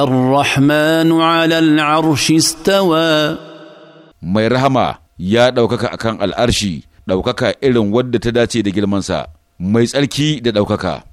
الرحمن على العرش استوى mai rahama ya ɗaukaka akan al'arshi ɗaukaka irin wadda ta dace da girmansa mai tsarki da ɗaukaka